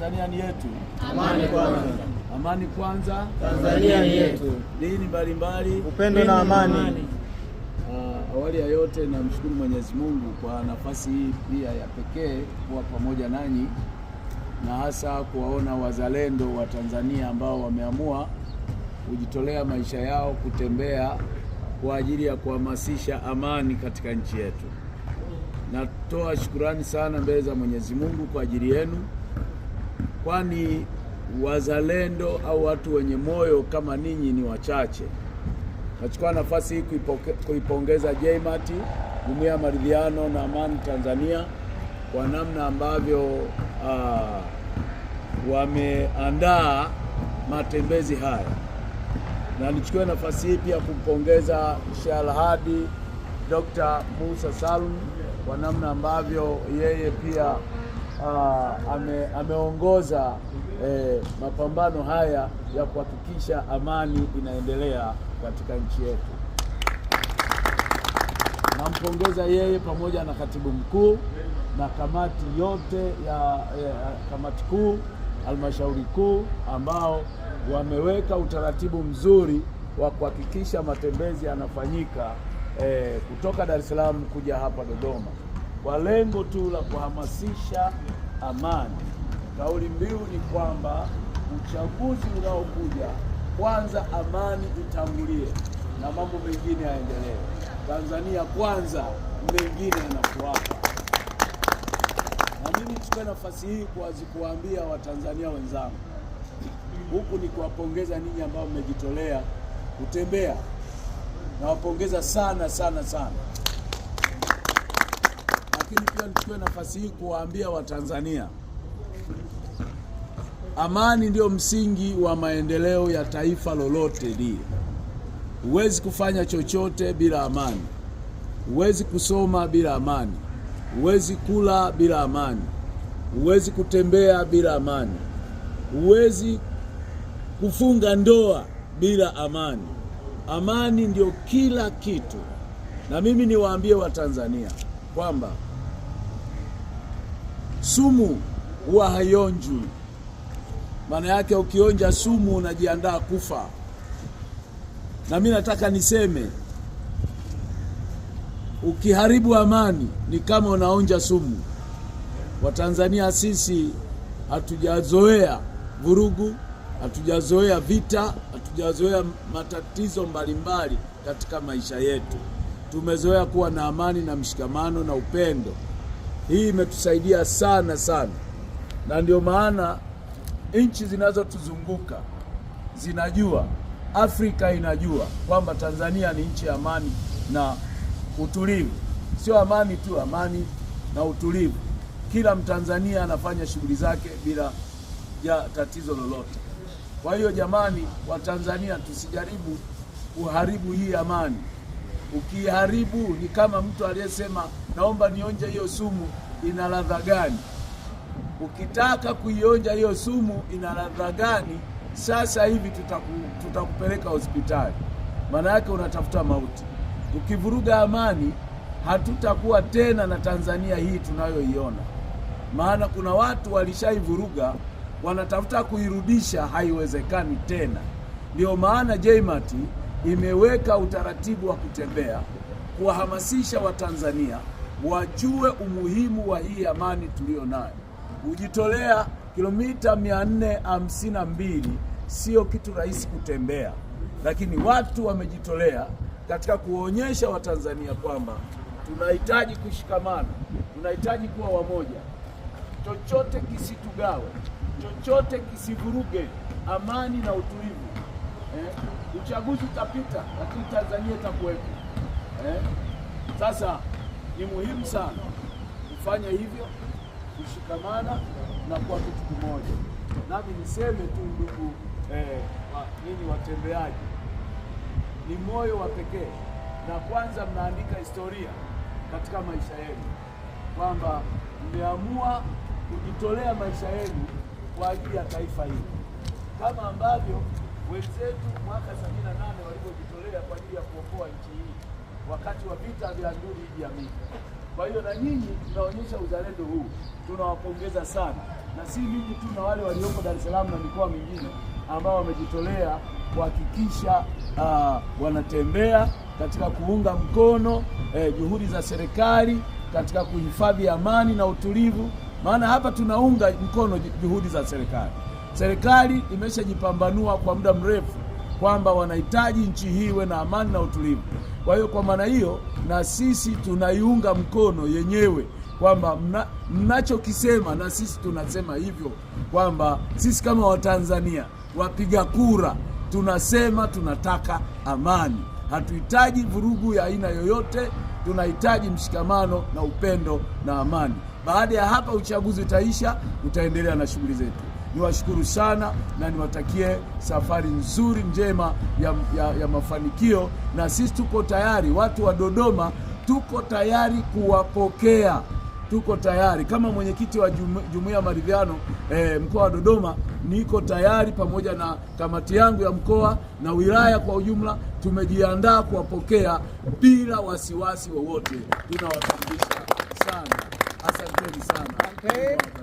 Tanzania ni yetu. Amani kwanza, amani kwanza, Tanzania ni yetu. Dini mbalimbali, upendo na amani, Uh, awali ya yote namshukuru Mwenyezi Mungu kwa nafasi hii pia ya pekee kuwa pamoja nanyi na hasa kuwaona wazalendo wa Tanzania ambao wameamua kujitolea maisha yao kutembea kwa ajili ya kuhamasisha amani katika nchi yetu. Natoa shukurani sana mbele za Mwenyezi Mungu kwa ajili yenu kwani wazalendo au watu wenye moyo kama ninyi ni wachache. Nachukua nafasi hii kuipongeza JMAT, Jumuiya ya Maridhiano na Amani Tanzania kwa namna ambavyo uh, wameandaa matembezi haya, na nichukue nafasi hii pia kumpongeza Shalhadi Dr. Musa Salum kwa namna ambavyo yeye pia uh, ame, ameongoza eh, mapambano haya ya kuhakikisha amani inaendelea katika nchi yetu. Nampongeza yeye pamoja na katibu mkuu na kamati yote ya, eh, kamati kuu halmashauri kuu ambao wameweka utaratibu mzuri wa kuhakikisha matembezi yanafanyika eh, kutoka Dar es Salaam kuja hapa Dodoma kwa lengo tu la kuhamasisha amani. Kauli mbiu ni kwamba uchaguzi unaokuja, kwanza amani itangulie na mambo mengine yaendelee. Tanzania kwanza, mengine yanafuata. Na mimi nichukue nafasi hii kuwaambia Watanzania wenzangu, huku ni kuwapongeza ninyi ambao mmejitolea kutembea. Nawapongeza sana sana sana lakini pia nichukue nafasi hii kuwaambia Watanzania, amani ndio msingi wa maendeleo ya taifa lolote lile. Huwezi kufanya chochote bila amani, huwezi kusoma bila amani, huwezi kula bila amani, huwezi kutembea bila amani, huwezi kufunga ndoa bila amani. Amani ndio kila kitu, na mimi niwaambie Watanzania kwamba sumu huwa haionjwi. Maana yake ukionja sumu unajiandaa kufa. Na mimi nataka niseme, ukiharibu amani ni kama unaonja sumu. Watanzania sisi hatujazoea vurugu, hatujazoea vita, hatujazoea matatizo mbalimbali katika maisha yetu. Tumezoea kuwa na amani na mshikamano na upendo. Hii imetusaidia sana sana, na ndio maana nchi zinazotuzunguka zinajua, Afrika inajua kwamba Tanzania ni nchi ya amani na utulivu. Sio amani tu, amani na utulivu. Kila Mtanzania anafanya shughuli zake bila ya tatizo lolote. Kwa hiyo jamani, Watanzania tusijaribu kuharibu hii amani. Ukiharibu ni kama mtu aliyesema naomba nionje hiyo sumu, ina ladha gani? Ukitaka kuionja hiyo sumu ina ladha gani, sasa hivi tutaku, tutakupeleka hospitali. Maana yake unatafuta mauti. Tukivuruga amani, hatutakuwa tena na Tanzania hii tunayoiona. Maana kuna watu walishaivuruga, wanatafuta kuirudisha, haiwezekani tena. ndio maana jmati imeweka utaratibu wa kutembea kuwahamasisha Watanzania wajue umuhimu wa hii amani tuliyo nayo. Kujitolea kilomita 452 sio kitu rahisi kutembea, lakini watu wamejitolea katika kuonyesha Watanzania kwamba tunahitaji kushikamana, tunahitaji kuwa wamoja, chochote kisitugawe, chochote kisivuruge amani na utulivu eh? uchaguzi utapita, lakini Tanzania itakuwepo eh? Sasa ni muhimu sana kufanya hivyo, kushikamana na kuwa kitu kimoja. Nami niseme tu ndugu eh, wa, nini watembeaji, ni moyo wa pekee, na kwanza mnaandika historia katika maisha yenu kwamba mmeamua kujitolea maisha yenu kwa ajili ya taifa hili kama ambavyo wenzetu mwaka 78 walivyojitolea kwa ajili ya kuokoa nchi hii wakati wa vita vya nduli jamika. Kwa hiyo na nyinyi tunaonyesha uzalendo huu, tunawapongeza sana, na si mimi tu, na wale walioko Dar es Salaam na mikoa mingine ambao wamejitolea kuhakikisha uh, wanatembea katika kuunga mkono eh, juhudi za serikali katika kuhifadhi amani na utulivu, maana hapa tunaunga mkono juhudi za serikali. Serikali imeshajipambanua kwa muda mrefu kwamba wanahitaji nchi hii iwe na amani na utulivu. Kwa hiyo kwa maana hiyo, na sisi tunaiunga mkono yenyewe kwamba mna, mnachokisema na sisi tunasema hivyo kwamba sisi kama Watanzania wapiga kura tunasema tunataka amani, hatuhitaji vurugu ya aina yoyote, tunahitaji mshikamano na upendo na amani. Baada ya hapa uchaguzi utaisha, utaendelea na shughuli zetu. Niwashukuru sana na niwatakie safari nzuri njema ya, ya, ya mafanikio, na sisi tuko tayari, watu wa Dodoma tuko tayari kuwapokea tuko tayari kama mwenyekiti wa jumuia ya maridhiano e, mkoa wa Dodoma, niko tayari pamoja na kamati yangu ya mkoa na wilaya kwa ujumla, tumejiandaa kuwapokea bila wasiwasi wowote. Tunawakaribisha sana, asanteni sana.